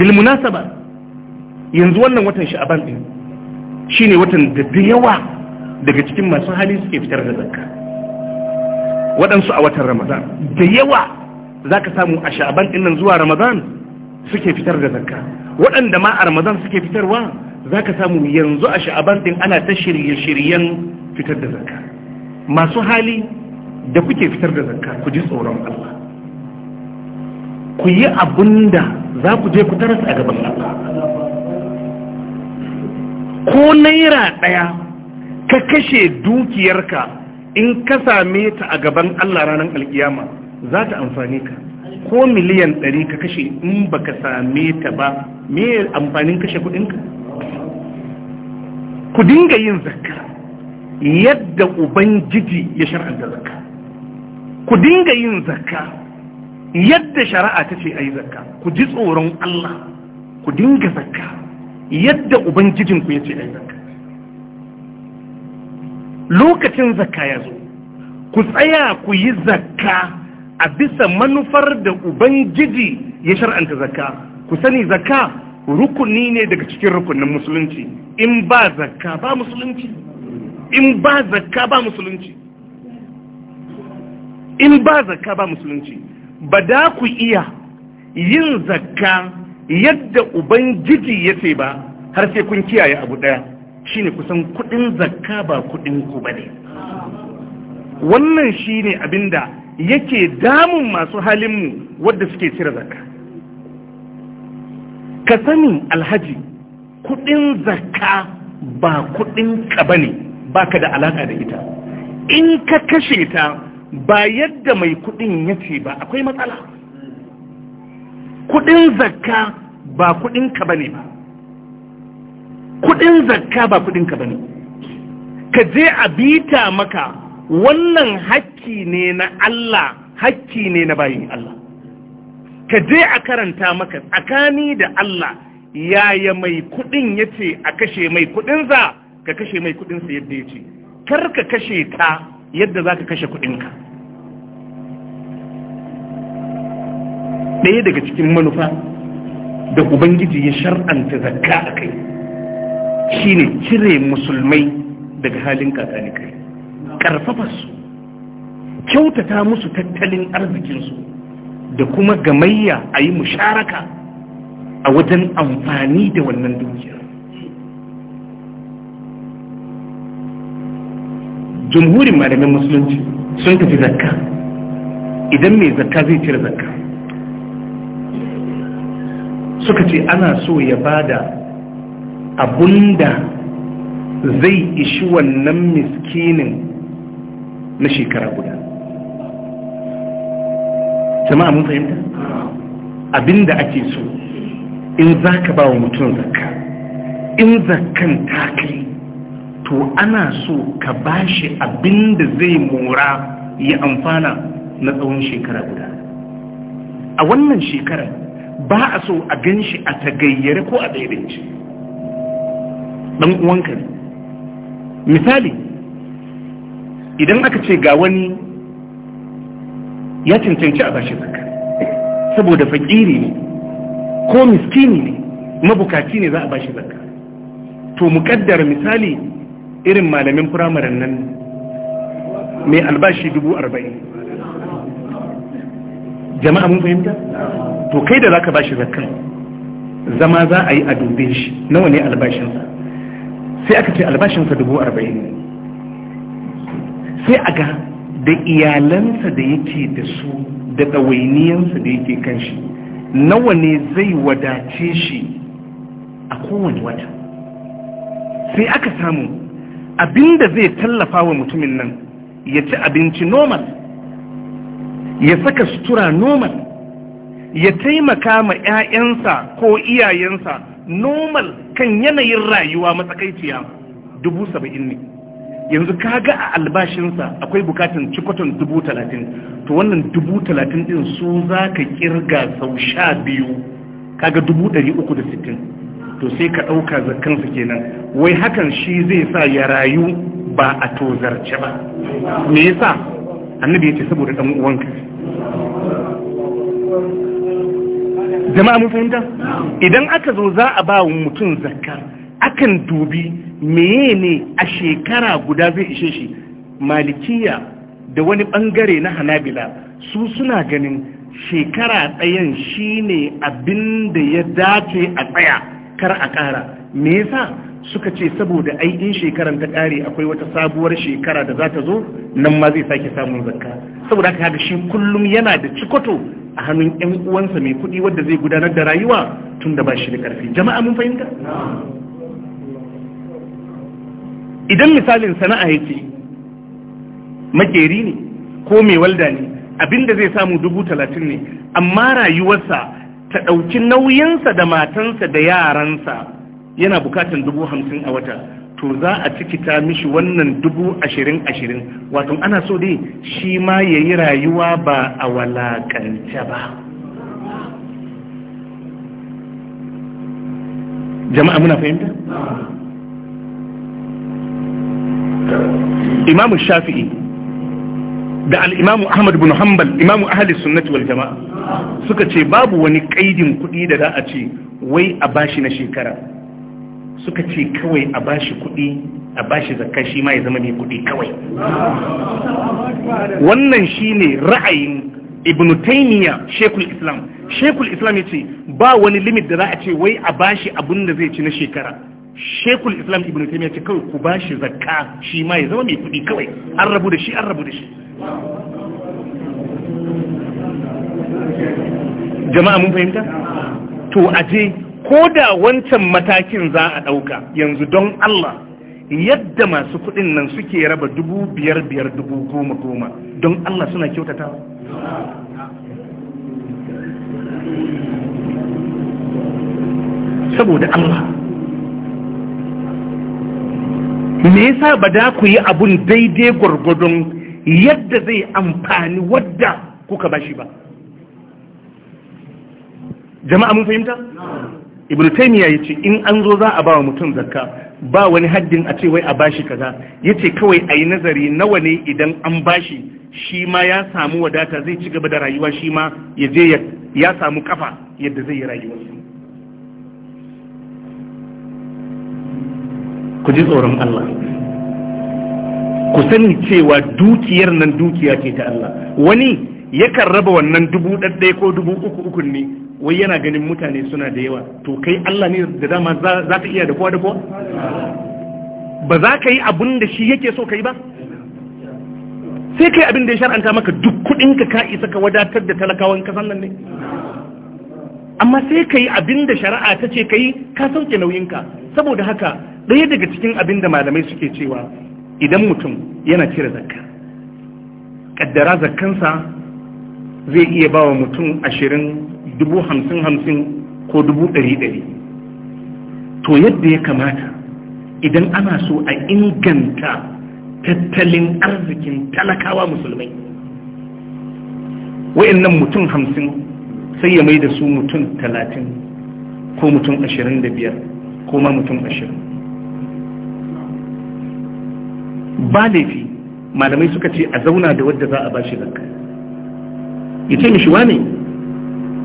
bilmunasaba yanzu wannan watan sha'aban din shine watan da da yawa daga cikin masu hali suke fitar da zakka waɗansu a watan ramadan da yawa zaka samu a sha'aban din nan zuwa ramadan suke fitar da zakka waɗanda ma a ramadan suke fitarwa zaka samu yanzu a sha'aban din ana ta shirye-shiryen fitar da zakka masu hali da kuke fitar da zakka ku ji tsoron Allah ku yi abin da za ku je ku taras a gaban Allah ko naira ɗaya ka kashe dukiyarka in ka same ta a gaban Allah ranar alkiyama za ta amfani ka ko miliyan ɗari ka kashe in ba ka same ta ba me amfanin kashe kuɗinka ku dinga yin zakka yadda ubangiji ya shar'anta zakka ku dinga yin zakka yadda shari'a ta ce a yi zakka ku ji tsoron Allah ku dinga zakka yadda ubangijinku ya ce a yi zakka lokacin zakka ya zo ku tsaya ku yi zakka a bisa manufar da ubangiji ya shar'anta zakka ku sani zakka rukuni ne daga cikin rukunin musulunci in ba zakka ba musulunci in ba zakka ba musulunci in ba zakka ba musulunci ba da ku iya yin zakka yadda ubangiji ya ce ba har sai kun kiyaye abu ɗaya shine kusan kuɗin zakka ba kuɗin ku bane wannan shine abinda yake damun masu halinmu wadda suke cire zakka ka sani alhaji kuɗin zakka ba kuɗin ka bane baka da alaƙa da ita in ka kashe ta ba yadda mai kudin ya ce ba akwai matsala kudin zakka ba kudin ba ne ba kudin zakka ba kudin ka bane ka je a bita maka wannan hakki ne na Allah hakki ne na bayin Allah ka je a karanta maka tsakani da Allah yaya mai kudin ya ce a kashe mai za? ka kashe mai sa yadda ya ce kar ka kashe ta yadda za ka kashe kuɗinka ɗaya daga cikin manufa da ubangiji ya shar'anta zakka a kai shine cire musulmai daga halin kakani kai ƙarfafa su kyautata musu tattalin arzikinsu da kuma gamayya a yi musharaka a wajen amfani da wannan dukiyar. jumhurin malamin musulunci sun tafi zakka idan mai zakka zai cire zakka suka ce ana so ya bada abunda zai ishi wannan miskinin na shekara guda jama'a mun fahimta abinda ake so in za ka ba wa mutum zakka in zakkan ta kai to ana so ka bashi abin da zai mora ya amfana na tsawon shekara guda a wannan shekarar ba a so a gan shi a tagayyare ko a daidaici ɗan uwanka ne misali idan aka ce ga wani ya cancanci a bashi zaka saboda fakiri ne ko miskini ne mabukaci ne za a bashi zaka to muƙaddara misali irin malamin firamaren nan mai albashi dubu arba'in jama'a mun fahimta to kai da zaka bashi zakkan zama za a yi a dube shi nawa ne albashinsa sai aka ce albashinsa dubu arba'in sai a ga da iyalansa da yake da su da ɗawainiyansa da yake kan shi nawa ne zai wadace shi a kowane wata sai aka samu abinda zai tallafa wa mutumin nan ya ci abinci normal ya saka sutura normal ya taimaka ma 'ya'yansa ko iyayensa normal kan yanayin rayuwa matsakaiciya dubu saba'in ne yanzu kaga a albashinsa akwai bukatan cikoton dubu talatin to wannan dubu talatin din su za ka kirga sau sha biyu kaga dubu ɗari uku da sittin to sai ka ɗauka zakkansa kenan wai hakan shi zai sa ya rayu ba a tozarce ba me yasa annabi ya ce saboda ɗan uwanka jama'a mun fahimta idan aka zo za a ba wa mutum zakka akan dubi meye ne a shekara guda zai ishe shi malikiya da wani bangare na hanabila su suna ganin shekara ɗayan shine abin da ya dace a tsaya kar a ƙara me yasa suka ce saboda ai in shekaran ta ƙare akwai wata sabuwar shekara da za ta zo nan ma zai sake samun zakka saboda haka haka shi kullum yana da cikoto a hannun ƴan uwansa mai kuɗi wanda zai gudanar da rayuwa tun da ba shi da ƙarfi jama'a mun fahimta idan misalin sana'a yake makeri ne ko mai walda ne abinda zai samu dubu talatin ne amma rayuwarsa ta ɗauki nauyinsa da matansa da yaransa yana bukatan dubu hamsin a wata to za a cikita mishi wannan dubu ashirin ashirin wato ana so dai shi ma ya yi rayuwa ba a walakance ba jama'a muna fahimta? imamu shafi'i da al'imamu ahmad bin hanbal imamu ahli sunnati wal jama'a suka ce babu wani kaidin kuɗi da za a ce wai a bashi na shekara suka ce kawai a bashi kuɗi a bashi zakka shi ma ya zama mai kuɗi kawai wannan shi ne ra'ayin Ibn taymiya shekul islam shekul islam ya ce ba wani limit da za a ce wai a bashi abin da zai ci na shekara shekul islam ibnu taymiya ce kawai ku bashi zakka shi ma ya zama mai kuɗi kawai an rabu da shi an rabu da shi jama'a mun fahimta to aje ko da wancan matakin za a ɗauka yanzu don Allah yadda masu kuɗin nan suke raba dubu biyar biyar dubu goma goma don Allah suna kyautata saboda Allah me yasa ba da ku yi abun daidai gwargwadon yadda zai amfani wadda kuka bashi ba jama'a mun fahimta ibnu taymiya yace in an zo za a bawa mutum zakka ba wani haddin a ce wai a bashi kaza yace kawai ayi nazari nawa ne idan an bashi shi ma ya samu wadata zai ci gaba da rayuwa shi ma ya ya samu kafa yadda zai yi rayuwa. ku ji tsoron Allah ku sani cewa dukiyar nan dukiya ce ta Allah wani yakan raba wannan dubu ɗaɗɗaya ko dubu uku uku ne wai yana ganin mutane suna da yawa to kai Allah ne da dama za ka iya da kowa da kowa ba za ka yi abin da shi yake so kai ba sai kai abin da ya shar'anta maka duk kuɗin ka ka isa ka wadatar da talakawan kasan nan ne amma sai ka yi abin da shari'a ta ce ka yi ka sauke nauyinka saboda haka ɗaya daga cikin abin da malamai suke cewa idan mutum yana cire zakka kaddara zakkansa zai iya ba wa mutum ashirin dubu hamsin hamsin ko dubu ɗari ɗari to yadda ya kamata idan ana so a inganta tattalin arzikin talakawa musulmai wa'annan mutum hamsin sai ya mai da su mutum talatin ko mutum ashirin da biyar ko ma mutum ashirin ba laifi malamai suka ce a zauna da wadda za a bashi zakka ya ce mishi wane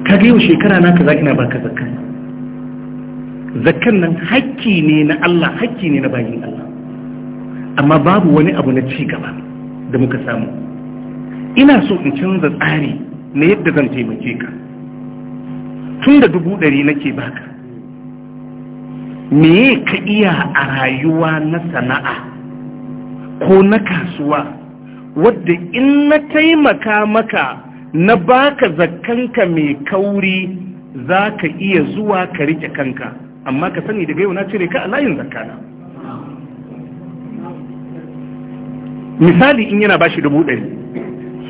ka ga shekara na kaza ina baka zakka zakkan nan hakki ne na Allah hakki ne na bayin Allah amma babu wani abu na ci gaba da muka samu ina so in canza tsari na yadda zan taimake ka tun da dubu ɗari nake baka me ka iya a rayuwa na sana'a ko na kasuwa wadda in na taimaka maka na baka zakanka mai kauri za ka iya zuwa ka rike kanka amma ka sani daga yau na cire ka a layin zakana. misali in yana bashi dubu ɗari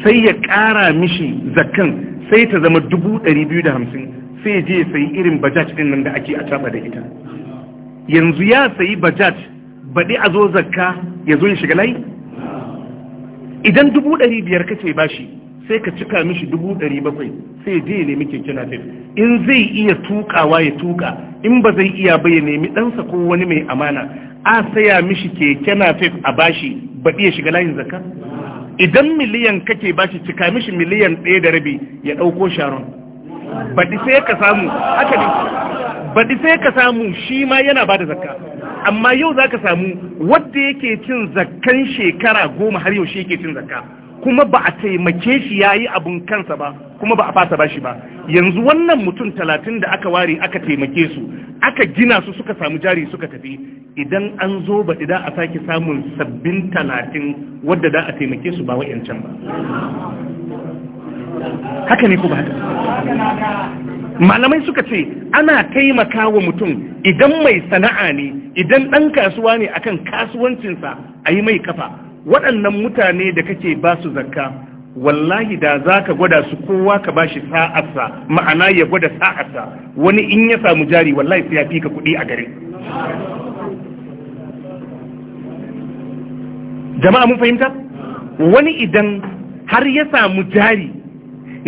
sai ya ƙara mishi zakan sai ta zama dubu ɗari biyu da hamsin sai je ya sayi irin bajaj ɗin nan da ake a da ita yanzu ya sayi bajaj baɗi a zo zakka ya zo ya shiga layi idan dubu ɗari biyar kace bashi sai ka cika mishi dubu ɗari bakwai sai je ya nemi keke na in zai iya tukawa ya tuka in ba zai iya ba ya nemi ɗansa ko wani mai amana a saya mishi keke na a bashi baɗi ya shiga layin zakka idan miliyan kake bashi cika mishi miliyan ɗaya da rabi ya ɗauko sharon baɗi sai ka samu haka ne baɗi sai ka samu shi ma yana ba da zakka amma yau za ka samu wadda yake cin zakkan shekara goma har yaushe yake cin zakka kuma ba a taimake shi ya yi abun kansa ba kuma ba a fasa ba shi ba yanzu wannan mutum talatin da aka ware aka taimake su aka gina su suka samu jari suka tafi idan an zo ba idan a sake samun sabbin talatin wadda da a taimake su ba wa'yancan ba haka ne ku ba haka malamai suka ce ana taimaka wa mutum idan mai sana'a ne idan ɗan kasuwa ne akan kasuwancinsa a yi mai kafa waɗannan mutane da kake ba su zakka wallahi da za ka gwada su kowa ka ba shi sa'arsa ma'ana ya gwada sa'arsa wani in ya samu jari wallahi sai ya fi ka kuɗi a gare jama'a mun fahimta wani idan har ya samu jari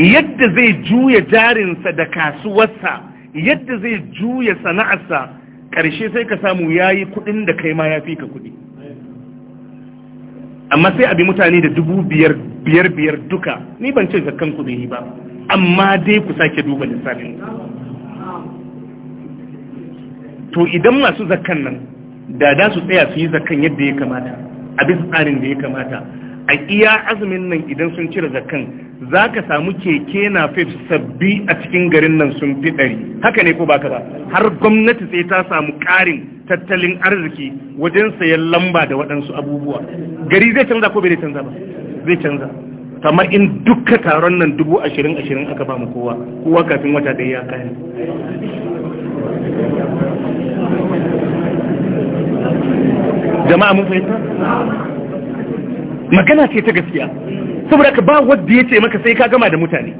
yadda zai juya jarinsa da kasuwarsa yadda zai juya sana'arsa ƙarshe sai ka samu ya yi kuɗin da kai ma ya fi ka kuɗi amma sai abi mutane da dubu biyar biyar biyar duka ni ban ce zakkan kuɗi ba amma dai ku sake duba lissafin to idan masu zakan nan da da su tsaya su yi zakkan yadda ya kamata a bisa tsarin da ya kamata a iya azumin nan idan sun cire zakan za ka samu keke na fif sabbi a cikin garin nan sun fi ɗari haka ne ko ka ba har gwamnati sai ta samu ƙarin tattalin arziki wajen sayan lamba da waɗansu abubuwa gari zai canza ko bai canza ba zai canza kamar in dukka taron nan dubu ashirin ashirin aka ba mu kowa kowa kafin wata ɗaya ya kayan jama'a mun fahimta magana ce ta gaskiya saboda ka ba wadda ya ce maka sai ka gama da mutane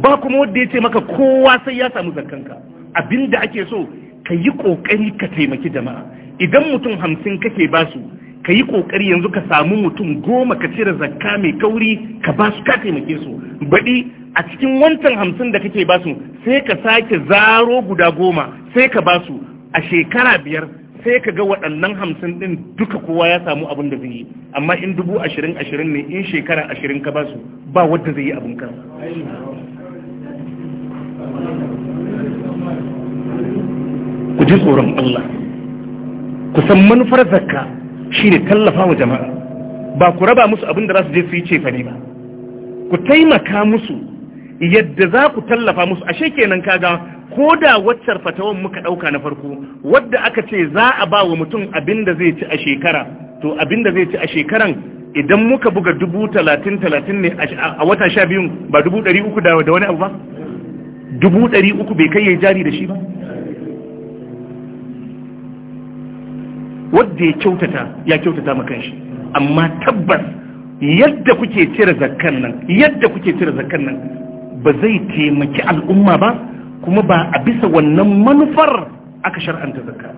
ba kuma wanda ya ce maka kowa sai ya samu zakkanka abinda ake so ka yi kokari ka taimaki jama'a idan mutum hamsin kake ba su ka yi kokari yanzu ka samu mutum goma ka cire zakka mai kauri ka su ka taimake su baɗi a cikin wancan hamsin da kake ba su sai ka sake zaro guda goma sai ka ba su a shekara biyar sai ka ga waɗannan hamsin ɗin duka kowa ya samu abin da zai yi amma in dubu ashirin ashirin ne in shekara ashirin ka basu ba wadda zai yi abin kan ku ji tsoron Allah ku san manufar zakka shine tallafa wa jama'a ba ku raba musu abin da za su je su yi cefane ba ku taimaka musu yadda za ku tallafa musu ashe kenan kaga ko da waccar fatawan muka ɗauka na farko wadda aka ce za a ba wa mutum abin da zai ci a shekara to abin da zai ci a shekaran idan muka buga dubu talatin talatin ne a wata sha biyun ba dubu ɗari uku da wani abu ba dubu ɗari uku bai kai ya jari da shi ba wadda ya kyautata ya kyautata makan shi amma tabbas yadda kuke cire zakkan nan yadda kuke cire zakkan nan ba zai taimaki al'umma ba kuma ba a bisa wannan manufar aka shar'anta zakka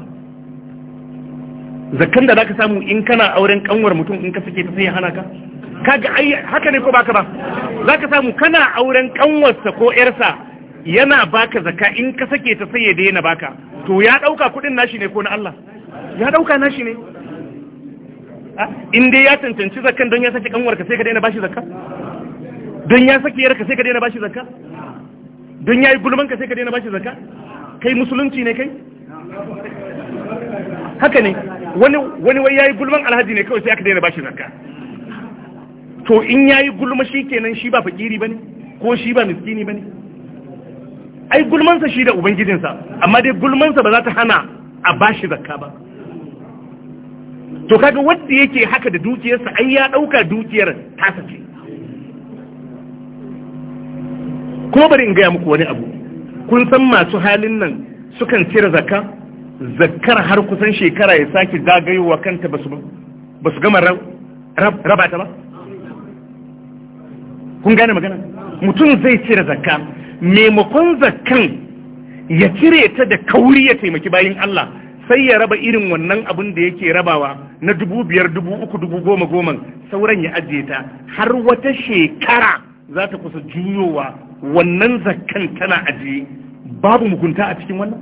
zakkan da zaka samu in kana auren kanwar mutum in ka sake ta sai hana ka kaga ai haka ne ko baka ba zaka samu kana auren kanwarsa ko yarsa yana baka zakka in ka sake ta sai ya daina baka to ya dauka kudin nashi ne ko na Allah ya dauka nashi ne ah, in dai ya tantance zakkan don ya sake kanwarka sai ka daina bashi zakka don ya saki yarka sai ka daina bashi zakka don ya yi gulmanka sai ka daina bashi zakka kai musulunci ne kai haka ne wani wani wai yayi gulman alhaji ne kawai sai aka daina bashi zakka to in yayi gulma shi kenan shi ba fakiri bane ko shi ba miskini bane ai gulmansa shi da ubangijinsa amma dai gulmansa ba za ta hana a bashi zakka ba to kaga wanda yake haka da dukiyarsa ai ya dauka dukiyar tasa ce ko bari in gaya muku wani abu kun san masu halin nan sukan cire zakka zakkar har kusan shekara ya sake zagayowa kanta ba su gama raba ta ba kun gane magana mutum zai cire zakka maimakon zakkan ya cire ta da kauri ya taimaki bayin Allah sai ya raba irin wannan abin da yake rabawa na dubu biyar dubu uku dubu goma goma sauran ya ajiye ta har wata shekara za ta kusa juyowa wannan zakkan tana ajiye babu mugunta a cikin wannan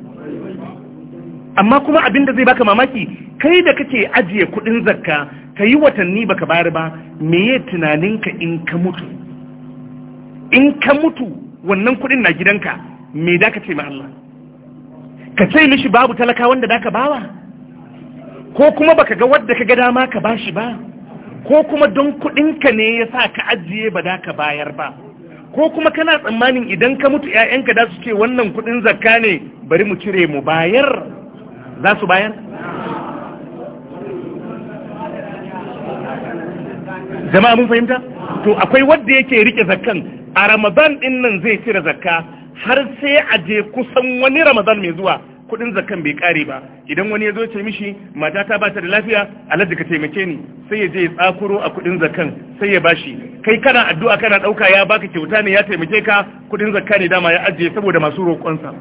amma kuma abin da zai baka mamaki kai da kake ajiye kudin zakka ka yi watanni baka bayar ba me meye tunaninka in ka mutu in ka mutu wannan kudin na gidanka me da ka ce ma Allah ka ce mishi babu talaka wanda da ka bawa ko kuma baka ga wadda ka ga dama ka bashi ba ko kuma don kudinka ne ya sa ka ajiye ba da ka bayar ba ko kuma kana tsammanin idan ka mutu ‘ya'yanka da su ce wannan kudin zakka ne bari mu cire mu bayar za su bayar? jama'a mun fahimta? to akwai wadda yake rike zakkan a ramadan din nan zai cire zakka har sai a je kusan wani ramadan mai zuwa kudin zakan bai kare ba idan wani ya zo ce mishi ta ba ta da lafiya alhaji ka taimake ni sai ya je ya tsakuro a kudin zakan sai ya bashi kai kana addu'a kana dauka ya baka kyauta ne ya taimake ka kudin zakka ne dama ya ajiye saboda masu roƙonsa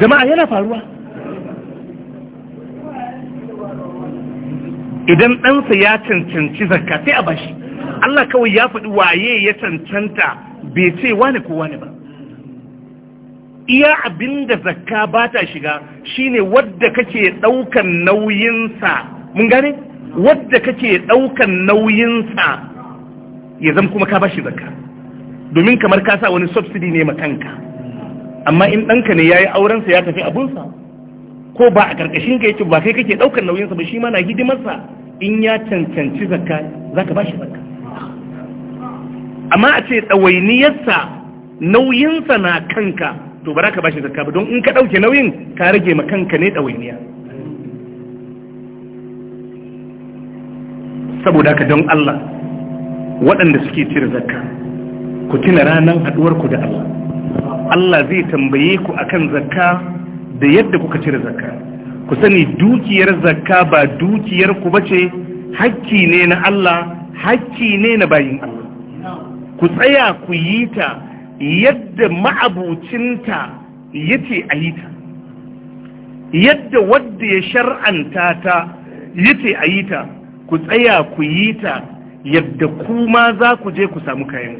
jama'a yana faruwa idan ɗansa ya cancanci zakka sai a bashi Allah kawai ya faɗi waye ya cancanta bai ce wani ko wani ba iya abinda zakka ba ta shiga shine wadda kake ɗaukan nauyinsa mun gane wadda kake ɗaukan nauyinsa ya zama kuma ka ba shi zakka domin kamar ka sa wani subsidy ne kanka amma in ɗanka ne ya yi aurensa ya tafi abunsa ko ba a ƙarƙashin ka yake ba kai kake ɗaukan nauyinsa ba shi ma na hidimarsa in ya cancanci zakka za ka ba shi zakka amma a ce ɗawainiyarsa nauyinsa na kanka to ba za ka bashi zakka ba don in ka ɗauke nauyin ka rage ma kanka ne ɗawainiya saboda ka don Allah waɗanda suke cire zakka ku tuna ranar haɗuwar ku da Allah Allah zai tambaye ku akan zakka da yadda kuka cire zakka ku sani dukiyar zakka ba dukiyar ku bace hakki ne na Allah hakki ne na bayin Allah ku tsaya ku yi ta yadda ma'abucinta ce a yi ta yadda wadda ya shar'anta ta ce a yi ta ku tsaya ku yi ta yadda kuma za ku je ku samu kayan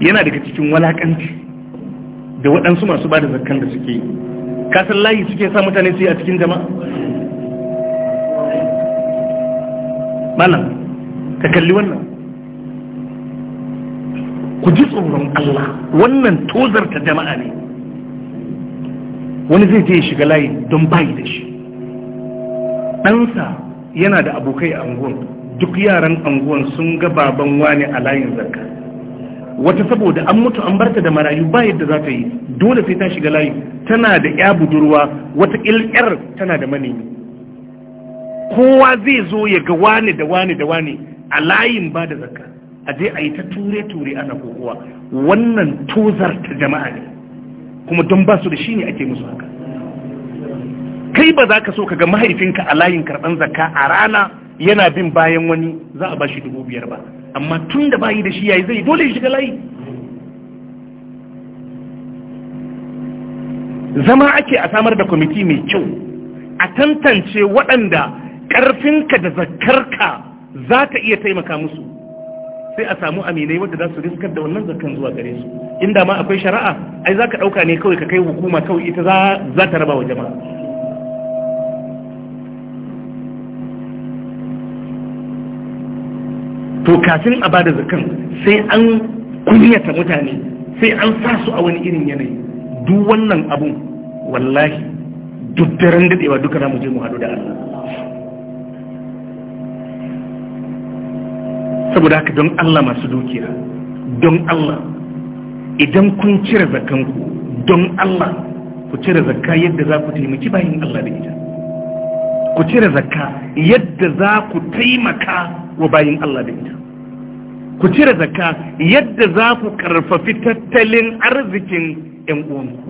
yana daga cikin walakanci da waɗansu masu ba da zakkan da suke kasar layi suke sa mutane su yi a cikin jama'a malam ka kalli wannan ku ji tsoron Allah wannan tozarta jama'a ne wani zai je ya shiga layi don bayi da shi ɗansa yana da abokai a unguwan, duk yaran unguwan sun ga baban wani a layin zarka wata saboda an mutu an barta da marayu ba yadda za ta yi dole sai ta shiga layi tana da ya budurwa wata ƙilƙar tana da manemi kowa zai zo ya ga wani da wani da wani a layin ba da zakka a je a yi ta ture-ture ana kokowa wannan tozar ta jama'a ne kuma don ba su da shi ne ake musu haka kai ba za ka so ka ga mahaifinka a layin karɓan zakka a rana yana bin bayan wani za a ba shi dubu biyar ba amma tun da bayi da shi yi, zai dole shiga layi zama ake a samar da kwamiti mai kyau a tantance waɗanda ƙarfinka da zakkarka za ta iya taimaka musu sai a samu aminai wadda za su riskar da wannan zakan zuwa gare su inda ma akwai shari'a ai za ka ɗauka ne kawai ka kai hukuma kawai ita za ta raba wa jama'a to kafin a bada zakan sai an kunyata mutane sai an sa su a wani irin yanayi duk wannan abun wallahi duk daren daɗewa duka za mu je mu haɗu da Allah saboda haka don Allah masu dukiya don Allah idan kun cire zakanku don Allah ku cire zakka yadda za ku taimaki bayan Allah da ita ku cire zakka yadda za ku taimaka wa bayan Allah da ita ku cire zakka yadda za ku karfafi tattalin arzikin 'yan uwanku